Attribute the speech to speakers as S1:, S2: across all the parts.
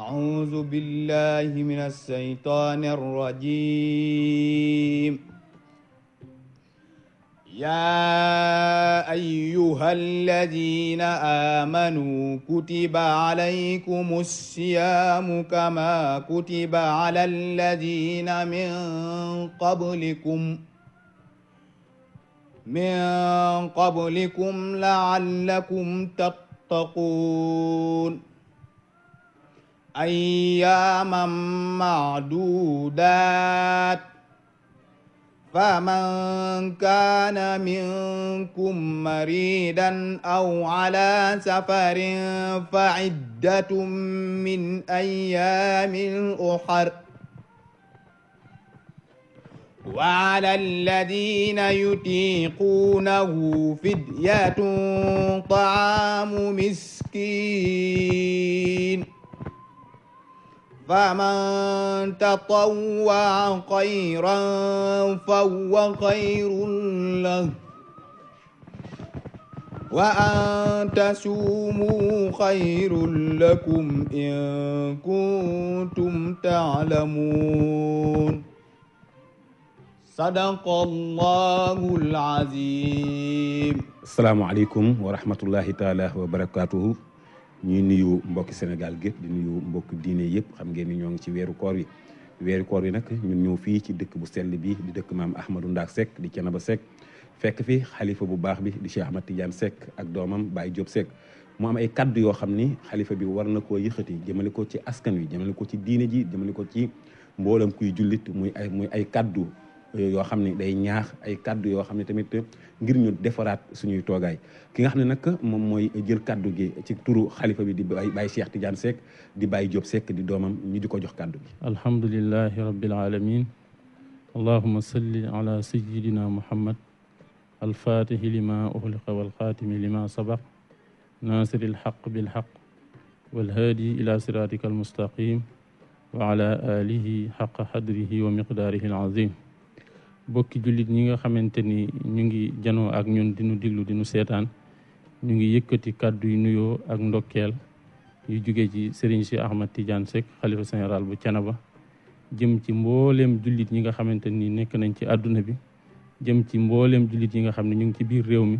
S1: أعوذ بالله من الشيطان الرجيم يا أيها الذين آمنوا كتب عليكم الصيام كما كتب على الذين من قبلكم من قبلكم لعلكم تتقون أياما معدودات فمن كان منكم مريدا أو على سفر فعدة من أيام أخر وعلى الذين يطيقونه فدية طعام مسكين فمن تطوع خيرا فهو خير له وأن تسوموا خير لكم إن كنتم تعلمون صدق الله
S2: العظيم السلام عليكم ورحمة الله تعالى وبركاته ñuy nuyu mbokki Sénégal gépp di nuyu mbokki diine yëpp xam ngeen ni ñoo ngi ci weeru koor yi weeru koor yi nag ñu ñëw fii ci dëkk bu sell bi di dëkk maam Ahmadou Ndaak sekk di Canaba Seck fekk fi xalifa bu baax bi di Cheikh Ahmad Tidiane Seck ak doomam Baye Diop Seck mu am ay kàddu yoo xam ni xalifa bi war na koo yëkkati jëmale ko ci askan wi jëmale ko ci diine ji jëmale ko ci mboolem kuy jullit muy ay muy ay kàddu yoo xam ne day ñaax ay kaddu yoo xam ne tamit ngir ñu defaraat suñuy toogaay ki nga xam ne nag moom mooy jël kàddu gi ci turu xalifa bi di Baye Cheikh Tidiane Seck di Baye Diop sekk di doomam ñu di ko jox kàddu gi alhamdulilahi rabbil alamin allahuma salli ala sayidina muhammad alfaatihi lima uxliqa walxaatimi lima sabax naasiri alxaq bilxaq walhaadi ila siraatika almustaqim wa ala alihi xaqa xadrihi wa miqdaarihi bokki jullit ñi nga xamante ni ñu ngi janoo ak ñun di nu diglu di seetaan ñu ngi yëkkati kàddu yu nuyoo ak ndokkeel yu jóge ci Serigne si Ahmad Tidiane Seck xalifa général bu Thiénaba jëm ci mbooleem jullit ñi nga xamante ni nekk nañ ci àdduna bi jëm ci mbooleem jullit yi nga xam ne ñu ngi ci biir réew mi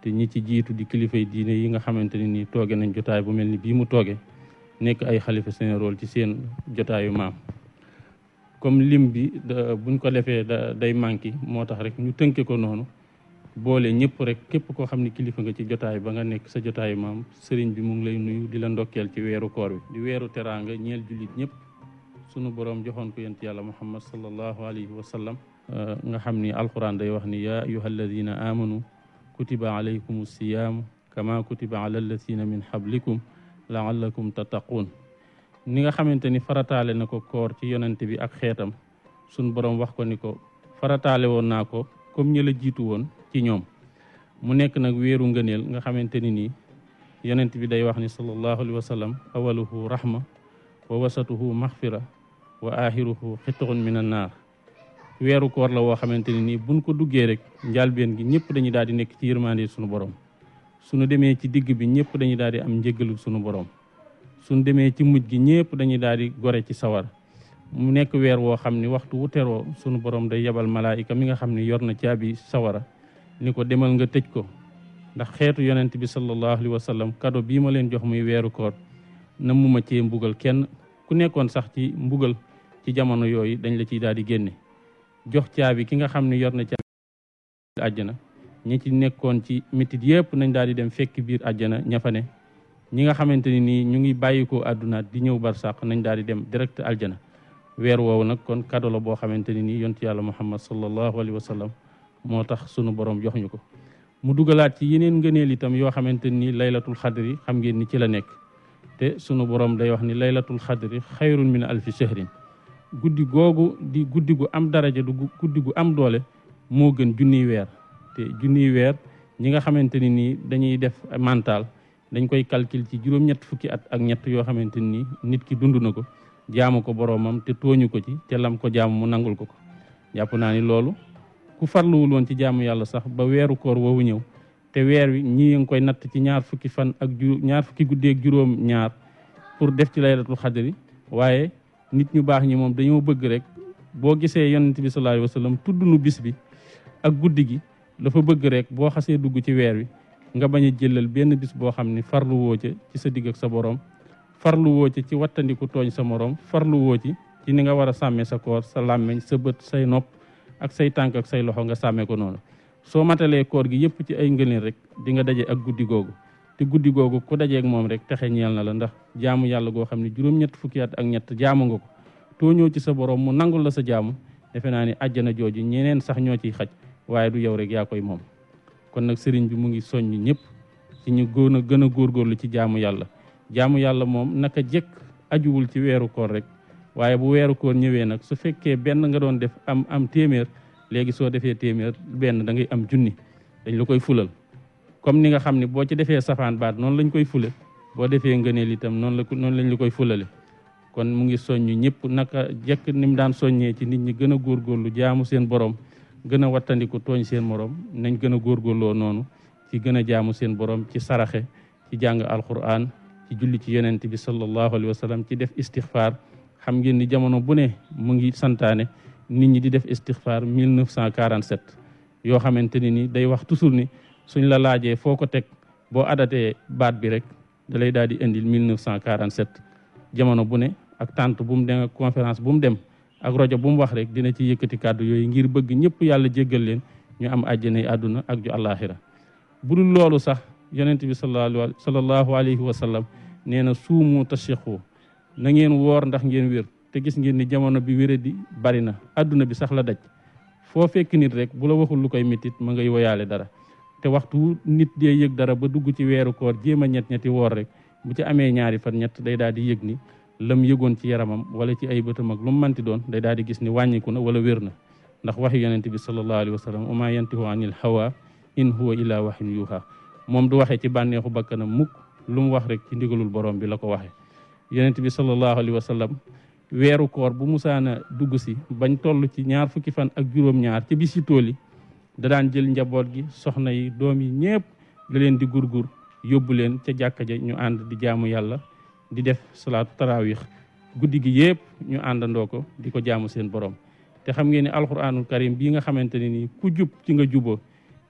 S2: te ñi ci jiitu di kilifay diine yi nga xamante ne ni tooge nañ jotaay bu mel ni bii mu tooge nekk ay xalifa général ci seen jotaayu maam comme lim bi ñu ko defee day manqué moo tax rek ñu tënke ko noonu boole ñëpp rek képp koo xam ne kilifa nga ci jotaay ba nga nekk sa jotaay maam sëriñ bi mu ngi lay nuyu di la ndokkeel ci weeru koor wi di weeru teraanga ñeel jullit ñëpp sunu boroom joxoon ko yent yàlla muhammad sallallahu alayhi wa sallam nga xam ni alquran day wax ni yaa ayuha alladina amanu kutiba alaykum siyaamu kama kutiba ala alladina min xablikum laallakum tattaquun ni nga xamante ni farataale na ko koor ci yonent bi ak xeetam suñ boroom wax ko ni ko farataale woon naa ko comme ñi la jiitu woon ci ñoom mu nekk nag weeru ngëneel nga xamante ni nii yonent bi day wax ni sallallahu alayhi wa sallam awaluhu rahma wa wasatuhu maxfira wa aaxiruhu xitxun min an naar weeru koor la woo xamante ni nii buñ ko duggee rek njaalbeen gi ñëpp dañu daal di nekk ci yërmande sunu borom sunu demee ci digg bi ñëpp dañu daal di am njéggalu sunu borom suñ demee ci mujj gi ñëpp dañuy daal di gore ci sawar mu nekk weer woo xam ni waxtu wu teroo sunu borom day yebal malaayika mi nga xam ni yor na caabi sawara ni ko demal nga tëj ko ndax xeetu yonent bi sallallahu alayhi wa sallam kado bii ma leen jox muy weeru koor na mu ma cee mbugal kenn ku nekkoon sax ci mbugal ci jamono yooyu dañ la ciy daal di génne jox caabi ki nga xam ne yor na caabi àjjana ñi ci nekkoon ci métit yëpp nañ daal di dem fekk biir àjjana ña ñi nga xamante ni nii ñu ngi bàyyikoo àdduna di ñëw barsàq nañ daal di dem direct aljana weer woowu nag kon kadolo boo xamante ni nii yontu yàlla muhammad sallallahu alayhi wa sallam moo tax sunu borom jox ñu ko mu dugalaat ci yeneen ngëneel itam yoo xamante ni laylatul xadri xam ngeen ni ci la nekk te sunu borom day wax ni laylatul xadri xayrun min alfi shahrin guddi googu di guddi gu am daraja du guddi gu am doole moo gën junniy weer te junniy weer ñi nga xamante ni nii dañuy def mental dañ koy calcul ci juróom-ñett fukki at ak ñett yoo xamante ni nit ki dund na ko jaamu ko boroomam te tooñu ko ci te lam ko jaamu mu nangul ko ko jàpp naa ni loolu ku farluwul woon ci jaamu yàlla sax ba weeru koor woowu ñëw te weer wi ñii ngi koy natt ci ñaar fukki fan ak ñaar fukki guddeek juróom ñaar pour def ci laylatul xadri waaye nit ñu baax ñi moom dañoo bëgg rek boo gisee yonent bi sallallahu alayhi tudd nu bis bi ak guddi gi dafa bëgg rek boo xasee dugg ci weer wi nga bañ a jëlal benn bis boo xam ni farlu woo ca ci sa digg ak sa borom farlu woo ca ci wattandiku tooñ sa morom farlu woo ci ci ni nga war a sàmmee sa koor sa làmmiñ sa bët say nopp ak say tànk ak say loxo nga sàmmee ko noonu soo matalee koor gi yëpp ci ay ngëneel rek di nga daje ak guddi googu te guddi googu ku dajeek moom rek texe ñeel na la ndax jaamu yàlla goo xam ne juróom-ñett fukki at ak ñett jaamu nga ko tooñoo ci sa borom mu nangul la sa jaamu defe naa ni àjjana jooju ñeneen sax ñoo ciy xaj du yow rek yaa moom kon nag sëriñ bi mu ngi soññ ñëpp ci ñu gën a gën a góorgóorlu ci jaamu yàlla jaamu yàlla moom naka jekk ajuwul ci weeru koor rek waaye bu weeru koor ñëwee nag su fekkee benn nga doon def am am téeméer léegi soo defee téeméer benn da ngay am junni dañ la koy fulal comme ni nga xam ne boo ci defee safaan baat noonu lañ koy fule boo defee ngëneel itam noonu la noonu lañ la koy fulale kon mu ngi soññ ñëpp naka jekk ni mu daan soññee ci nit ñi gën a góorgóorlu jaamu seen borom gën a wattandiku tooñ seen moroom nañ gën a góorgóorloo noonu ci gën a jaamu seen boroom ci saraxe ci jàng alquran ci julli ci yonent bi sallallahu alayhi wa sallam ci def istixfaar xam ngeen ni jamono bu ne mu ngi santaane nit ñi di def istixfaar 1947 yoo xamante ni ni day wax toujours ni suñ la laajee foo ko teg boo adatee baat bi rek da lay daal di indil 1947 jamono bu ne ak tànt bu mu dem ak bu mu dem ak rajo bu mu wax rek dina ci yëkkati kàddu yooyu ngir bëgg ñëpp yàlla jéggal leen ñu am àjjana yi àdduna ak ju àllaaxira bu dul loolu sax yonent bi sallallahu alayhi wa sallam nee na suumu tasiqu na ngeen woor ndax ngeen wér te gis ngeen ni jamono bi wére di bari na àdduna bi sax la daj foo fekk nit rek bu la waxul lu koy mitit ma ngay woyaale dara te waxtu nit dee yëg dara ba dugg ci weeru koor jéem a ñett ñetti woor rek bu ci amee ñaari lam yëgoon ci yaramam wala ci ay bëtam ak lu mu manti doon day daal di gis ni wàññiku na wala wér na ndax waxyu yonente bi sallallahu alayhi wa sallam wa ma yantihu anil hawa in huwa illa waxin yuuha moom du waxee ci bànneexu bakkanam mukk lu mu wax rek ci ndigalul borom bi la ko waxee yonente bi sallallahu alayhi wa sallam weeru koor bu musaana dugg si bañ toll ci ñaar fukki fan ak juróom-ñaar ci bis ci tool yi da daan jël njaboot gi soxna yi doom yi ñépp da leen di gurgur yóbbu leen ca jàkka ja ñu ànd di jaamu yàlla di def salaatu taraawix guddi gi yëpp ñu àndandoo ko di ko jaamu seen borom te xam ngeen ne alxuraanul karim bi nga xamante ne nii ku jub ci nga juboo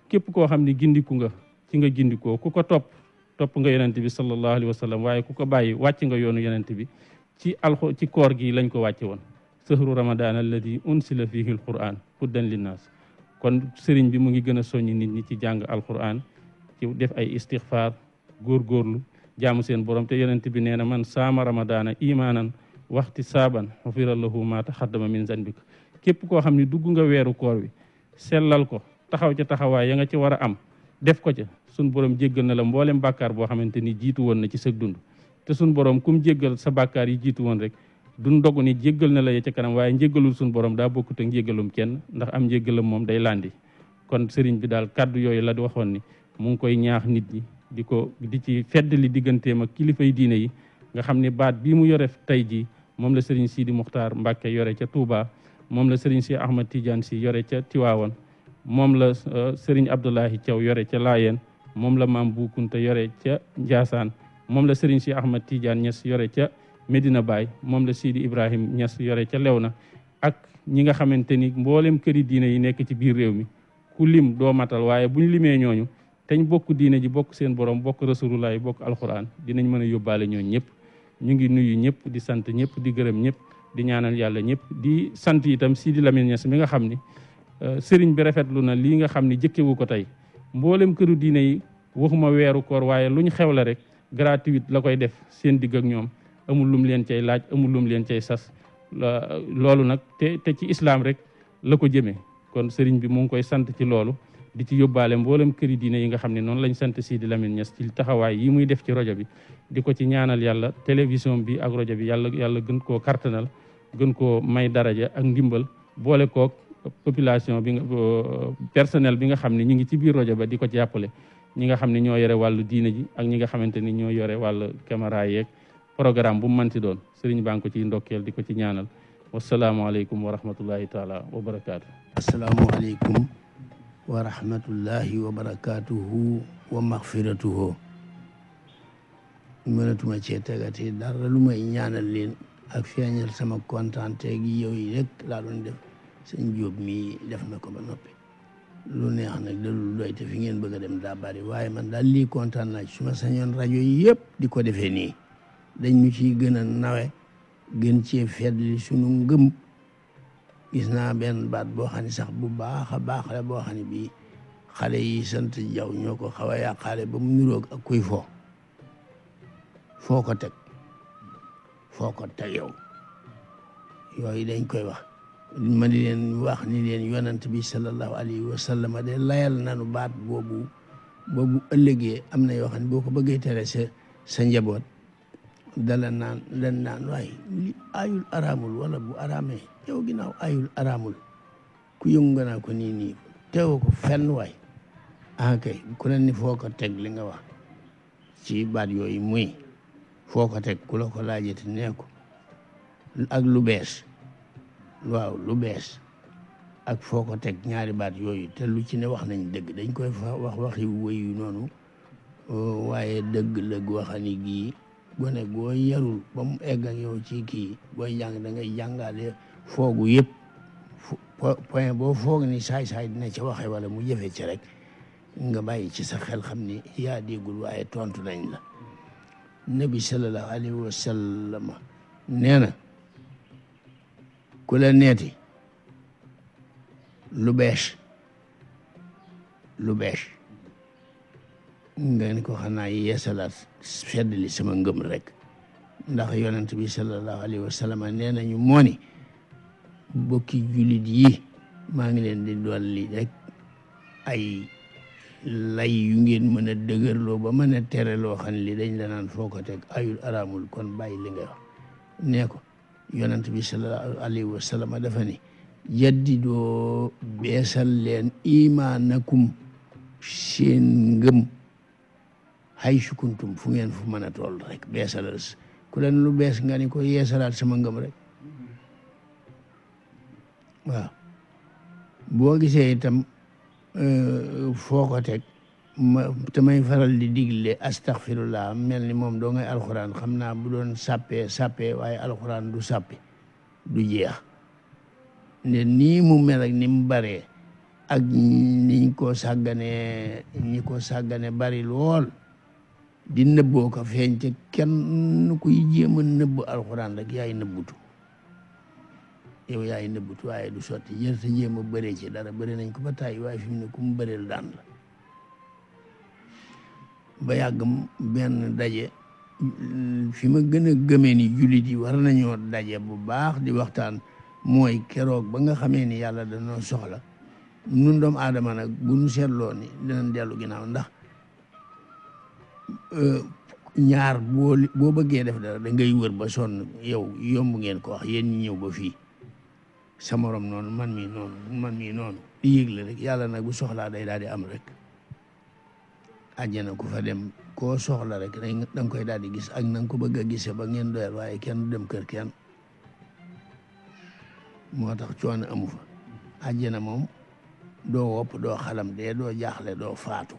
S2: képp koo xam ne gindiku nga ci nga gindikoo ku ko topp topp nga yonent bi sallallahu alayhi wa waaye ku ko bàyyi wàcc nga yoonu yonent bi ci alxu ci koor gi lañ ko wàcce woon sëhru ramadan alladi unsila fihi alquran huddan linnaas kon sëriñ bi mu ngi gën a soññ nit ñi ci jàng alquran ci def ay istixfar góorgóorlu jaamu seen borom te yonent bi nee na man saama ramadaana imaanan waxti saaban xufira lahu ma taxaddama min zanbik képp koo xam ne dugg nga weeru koor wi sellal ko taxaw ca taxawaay ya nga ci war a am def ko ca sun borom jéggal na la mboolem bàkkaar boo xamante ni jiitu woon na ci sëg dund te sun borom kum jéggal sa bàkkaar yi jiitu woon rek du ndogu ni jéggal na la ya ca kanam waaye njéggalul sun borom daa bokkut ak njéggalum kenn ndax am njéggalam moom day landi kon sëriñ bi kàddu yooyu la di waxoon ni mu ngi koy ñaax nit ñi di ko di ci feddali digganteem ak kilifa kilifay diine yi nga xam ne baat bii mu yore tey ji moom la sëriñ siidi Muxtaar mbakke yore ca Touba moom la sëriñ si Ahmad Tidiane si yore ca Tiwaawan moom la euh, sëriñ Abdoulahi Thiaw yore ca Laayeen moom la maam Bu Kunta yore ca Njaasaan moom la sëriñ si Ahmad Tidiane Ñas yore ca Medina Baay moom la Sidi Ibrahim Ñas yore ca Lewna ak ñi nga xamante ni mboolem këri diine yi nekk ci biir réew mi ku lim doo matal waaye buñ limee ñooñu te ñu bokk diine ji bokk seen borom bokk rasulullah bokk alxuraan dinañ mën a yóbbaale ñooñu ñëpp ñu ngi nuyu ñëpp di sant ñëpp di gërëm ñëpp di ñaanal yàlla ñëpp di sant itam Sidi Lamine Niass mi nga xam ni euh, sëriñ bi rafetlu na lii nga xam ni jëkkewu ko tey mboolem këru diine yi waxuma weeru koor waaye lu ñu xew la rek gratuite la koy def seen digg ak ñoom amul lum leen cay laaj amul lum leen cay sas loolu nag te te ci islaam rek la ko jëme kon sëriñ bi mu ngi koy sant ci loolu di ci yóbbaale mboolem këri diine yi nga xam ne noonu lañ sant Sidi Lamine Niass ci taxawaay yi muy def ci rajo bi di ko ci ñaanal yàlla télévision bi ak rajo bi yàlla yàlla gën koo kartanal gën koo may daraja ak ndimbal boole kook population bi nga personnel bi nga xam ne ñu ngi ci biir rajo ba di ko jàppale ñi nga xam ne ñoo yore wàllu diine ji ak ñi nga xamante ni ñoo yore wàllu caméra yeeg programme bu mu mënti doon sëriñ baa ngi ko ciy ndokkeel di ko ci ñaanal wasalaamaaleykum wa rahmatullahi taala wa barakaatu. asalaamaaleykum.
S3: wa rahmatullahi wa barakaatuhu wa maxfiratuhu mënatuma cee tegati dara lu may ñaanal leen ak feeñal sama kontante gi yow yi rek laa def sëñ Jóob mi def na ko ba noppi lu neex nag dalul doy te fi ngeen bëgg a dem daa waaye man daal lii kontaan na ci ma sañoon rajo yi yëpp di ko defee nii dañ ñu ciy gën a nawe gën cee feddli sunu ngëm gis naa benn baat boo xam ne sax bu baax a baax la boo xam ne bii xale yi sant jaw ñoo ko xaw a yàqaale ba mu niroog ak kuy foo ko teg foo ko teg yow yooyu dañ koy wax ma di leen wax ni leen yonent bi sallallahu alayhi wa sallam de layal nanu baat boobu boobu ëllëgee am na yoo xam boo ko bëggee tere sa sa njaboot dala naan lan naan waaye li aayul araamul wala bu araamee yow ginnaaw ayul araamul ku yëngu naa ko nii nii teewoo ko fenn waay ah ku nen ni foo ko teg li nga wax ci baat yooyu muy foo ko teg ku la ko laajati nee ak lu bees waaw lu bees ak foo ko teg ñaari baat yooyu te lu ci ne wax nañ dëgg dañ koy wax waxi wéyu noonu oh, waaye dëgg lëgg waxani gii gone goo yarul ba mu egg ak ci kii booy jàng da ngay jàngaale foogu yëpp point boo foog ni saay-saay dina ci waxe wala mu jëfe ci rek nga bàyyi ci sa xel xam ni yaa déggul waaye tontu nañ la nabi sallallahu alayhi wa sallam nee na ku la neeti lu bees lu bees nga ni ko xanaa yeesalaat feddali sama ngëm rek ndax yonent bi sallallahu alayhi wa sallam nee nañu mooni mbokki jullit yi maa ngi leen di dolli rek ay lay yu ngeen mën a dëgërloo ba mën a tere loo xam li dañ la naan foo ko teg ayul araamul kon bay li nga wax nee ko yonent bi sallallahu alayhi wa sallam dafa ni jaddidoo beesal leen imaanakum seen ngëm hay sukuntum fu ngeen fu mën a toll rek beesalal ku leen lu bees nga ni ko yeesalaat sama ngëm rek waaw boo gisee itam euh, foo ko teg ma tamay faral di digle astaghfirullah mel ni moom doo ngay alxuraan xam naa bu doon sàppee sàppee waaye alxuraan du sàppi du jeex ne nii mu mel ak ni mu baree ak niñ ko sàgganee ñi ko sàggane bari lool di nëbboo ko feeñ ca kenn kuy jéem a nëbb alxuraan rek yaay nëbbutu yow yaay nëbbutu waaye du sotti jër sa jéem a ci dara bëri nañ ko ba tàyyi waaye fi na ne ku mu bëreel daan la ba yàgg benn daje fi ma gën a gëmee ni jullit yi war nañoo daje bu baax di waxtaan mooy keroog ba nga xamee ni yàlla dañoo soxla nun doomu aadama nag bu nu seetloo ni dinañ dellu ginnaaw ndax euh, ñaar boo boo bëggee def dara da ngay wër ba sonn yow yomb ngeen ko wax yéen ñëw ba fii sa morom noonu man mii noonu man mii noonu di yëgle rek yàlla nag bu soxlaa day daal di am rek àjjana ku fa dem koo soxla rek da nga koy daal di gis ak na ko bëgg a gise ba ngeen doyal waaye kenn dem kër moo tax coono amu fa àjjana moom doo wopp doo xalam dee doo jaaxle doo faatu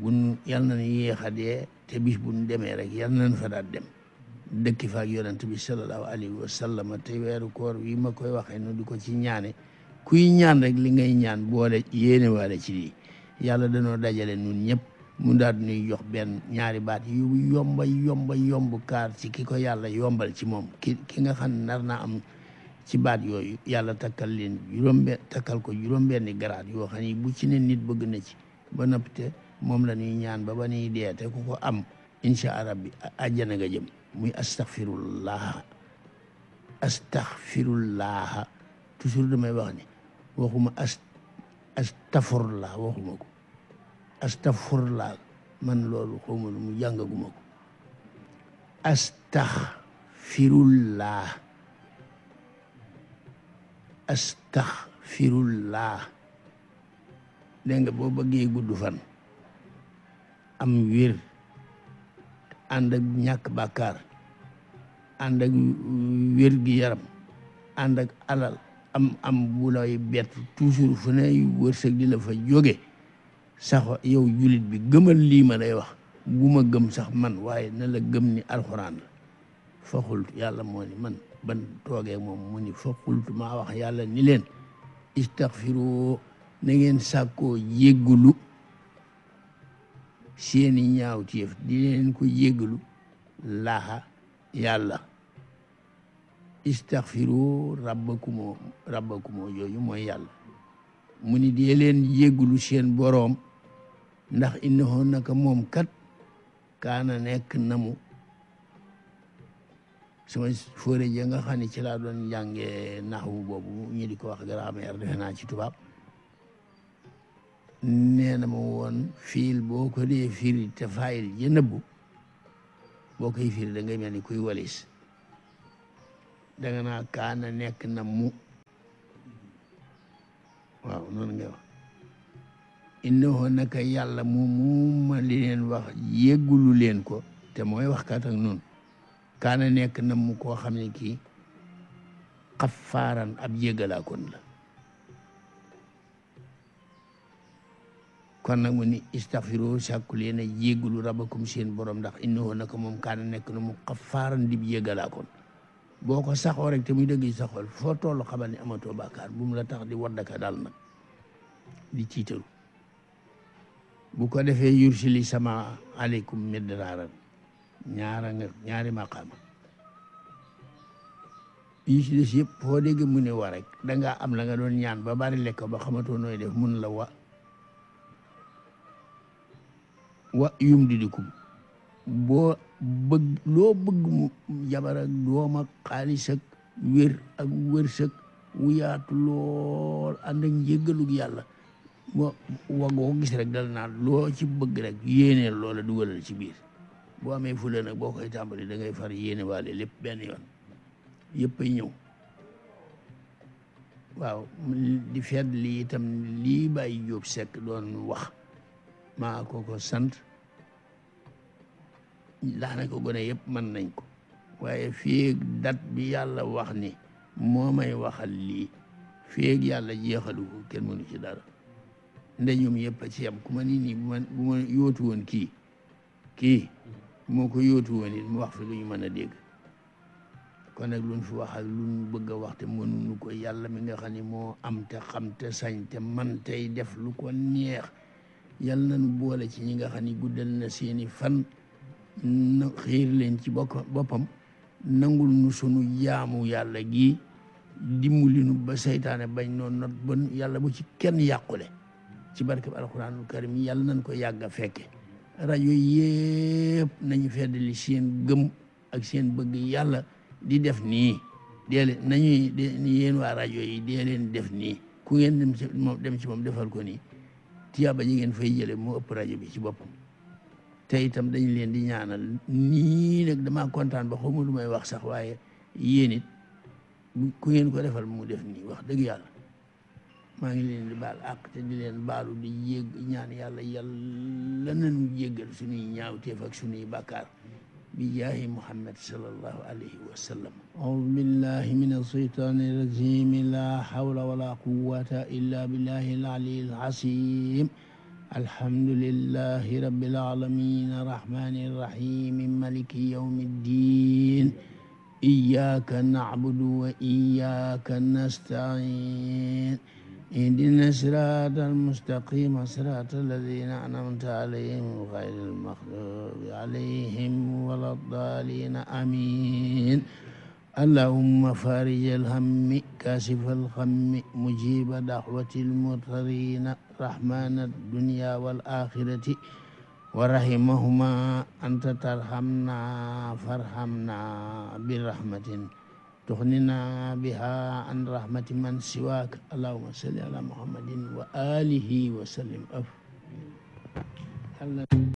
S3: bun yal nañ yéex a dee te bis buñ demee rek yal nañ fa daal dem dëkki fa ak yonent bi sallallahu alayhi wa sallam te weeru koor wi ma koy waxee nu di ko ci ñaane kuy ñaan rek li ngay ñaan boole yéene waale ci lii yàlla danoo dajale nun ñëpp mu daal nuy jox benn ñaari baat yu yomba yomba yomb kaar ci ki ko yàlla yombal ci moom ki ki nga xam ne nar am ci baat yooyu yàlla takkal leen juróom benn takkal ko juróom benni garaat yoo xam ne bu ci ne nit bëgg na ci ba noppi te moom la ñuy ñaan ba ba ñuy dee te ko am incha allah bi àjjana nga jëm muy astaghfirullah astaghfirullah toujours damay wax ni waxuma as astafurlah waxuma ko astafurlah man loolu xawma lu mu jàngaguma ko astaghfirullah astaghfirullah dégg nga boo bëggee gudd fan am wér ànd ak ñàkk bàkkaar ànd ak wér gi yaram ànd ak alal am am bu lay bett toujours fu ne wërsëg di la fa jóge sax yow jullit bi gëmal lii ma lay wax bu ma gëm sax man waaye na la gëm ni alxuraan la faxul yàlla moo ni man ban toogee moom mu ni faxultu maa wax yàlla ni leen istaxfiru na ngeen sàkkoo jéggulu seeni ñaawteef di leen ko yéggalu laxa yàlla istaghfiru rabbakumoo rabbakumoo yooyu mooy yàlla mu ni dileen leen yéggalu seen boroom ndax innahu naka moom kat kaana nekk namu sama fóore ja nga xam ne ci laa doon jànge naxwu boobu ñu di ko wax grammaire defe naa ci tubaab nee na ma woon fiil boo ko dee firi te faayil ja nëbbu boo koy firi da ngay mel ni kuy walis da nga kaana nekk na waaw noonu ngay wax innahu naka yàlla mu mu ma li leen wax yéggulu leen ko te mooy waxkat ak noonu kaana nekk na mu koo xam ne kii xaffaaran ab yégalaakoon la kon nag mu ni istaghfiru sàkku leen a jéggulu rabbakum seen borom ndax na naka moom kaana nekk na mu xafaaran dib yégalaakoon boo ko saxoo rek te muy dëgg sa xol foo toll xamal ne amatoo bàkkaar bu mu la tax di waddaka daal nag di ciitaru bu ko defee yursili sama aleykum midraaran ñaara ñaari maqaama yi ci des yëpp foo dégg mu ne wa rek am la nga doon ñaan ba bari lekk ba xamatoo nooy def mun la wa yumdidikum boo bëgg loo bëgg mu ak doom ak xaalis ak wér ak wërsëg wu yaatu lool ànd ak njéggalug yàlla wa wagga ko gis rek dal naan loo ci bëgg rek yéeneel loola dugalal ci biir boo amee fulen nag boo koy tàmbali da ngay far yéene waale lépp benn yoon yëpp ay ñëw waaw di fedd lii itam lii bàyyi jóob sekk doon wax maa ko ko sant ko gone yëpp mën nañ ko waaye fii dat bi yàlla wax ni moo may waxal lii fii yàlla jeexalu ko kenn mënu ci dara nde ñoom yëpp a ci yam ku ma nii nii bu ma bu ma yóotu kii kii moo ko yóotu woon it mu fi lu ñu mën a dégg kon nag luñ fi wax ak luñ bëgg a wax te mënuñu ko yàlla mi nga xam ne moo am te xam te sañ te man tey def lu ko neex yal nañu boole ci ñi nga xam ni guddal na seeni fan na xiir leen ci bokk boppam nangul nu sunu jaamu yàlla gi dimbali nu ba seytaane bañ noonu not bon yàlla bu ci kenn yàqule ci barkeb alxuraanul karim yàlla nañ ko yàgg a fekke rajo yëpp nañu feddali seen gëm ak seen bëgg yàlla di def nii deele nañuy yéen waa rajo yi dee leen def nii ku ngeen dem dem ci moom defal ko nii tiyaaba ji ngeen fay jële moo ëpp rajo bi ci boppam te itam dañ leen di ñaanal nii nag damaa kontaan ba xawma lu may wax sax waaye yéen ku ngeen ko defal mu def nii wax dëgg yàlla maa ngi leen di baal àq te di leen baalu di yég ñaan yàlla yàlla nañu jéggal suñuy ñaawteef ak suñuy bàkkaar bijaahi muhammad sallallahu alayhi wa sallam audu billahi min alsheytaani irrajim la hawla wala quwata illa billahi alali alazim alhamdulillahi rabbil alamin arrahmani irrahim maliki yawmi ddin iyyaka na'budu wa iyyaka nasta'in اهدنا صراط المستقيم صراط الذين أنعمت عليهم غير المغضوب عليهم ولا الضالين آمين اللهم فارج الهم كاشف الغم مجيب دعوة المضطرين رحمن الدنيا والآخرة ورحمهما أنت ترحمنا فارحمنا برحمة تغننا بها عن رحمة من سواك اللهم صل على محمد وآله وسلم أف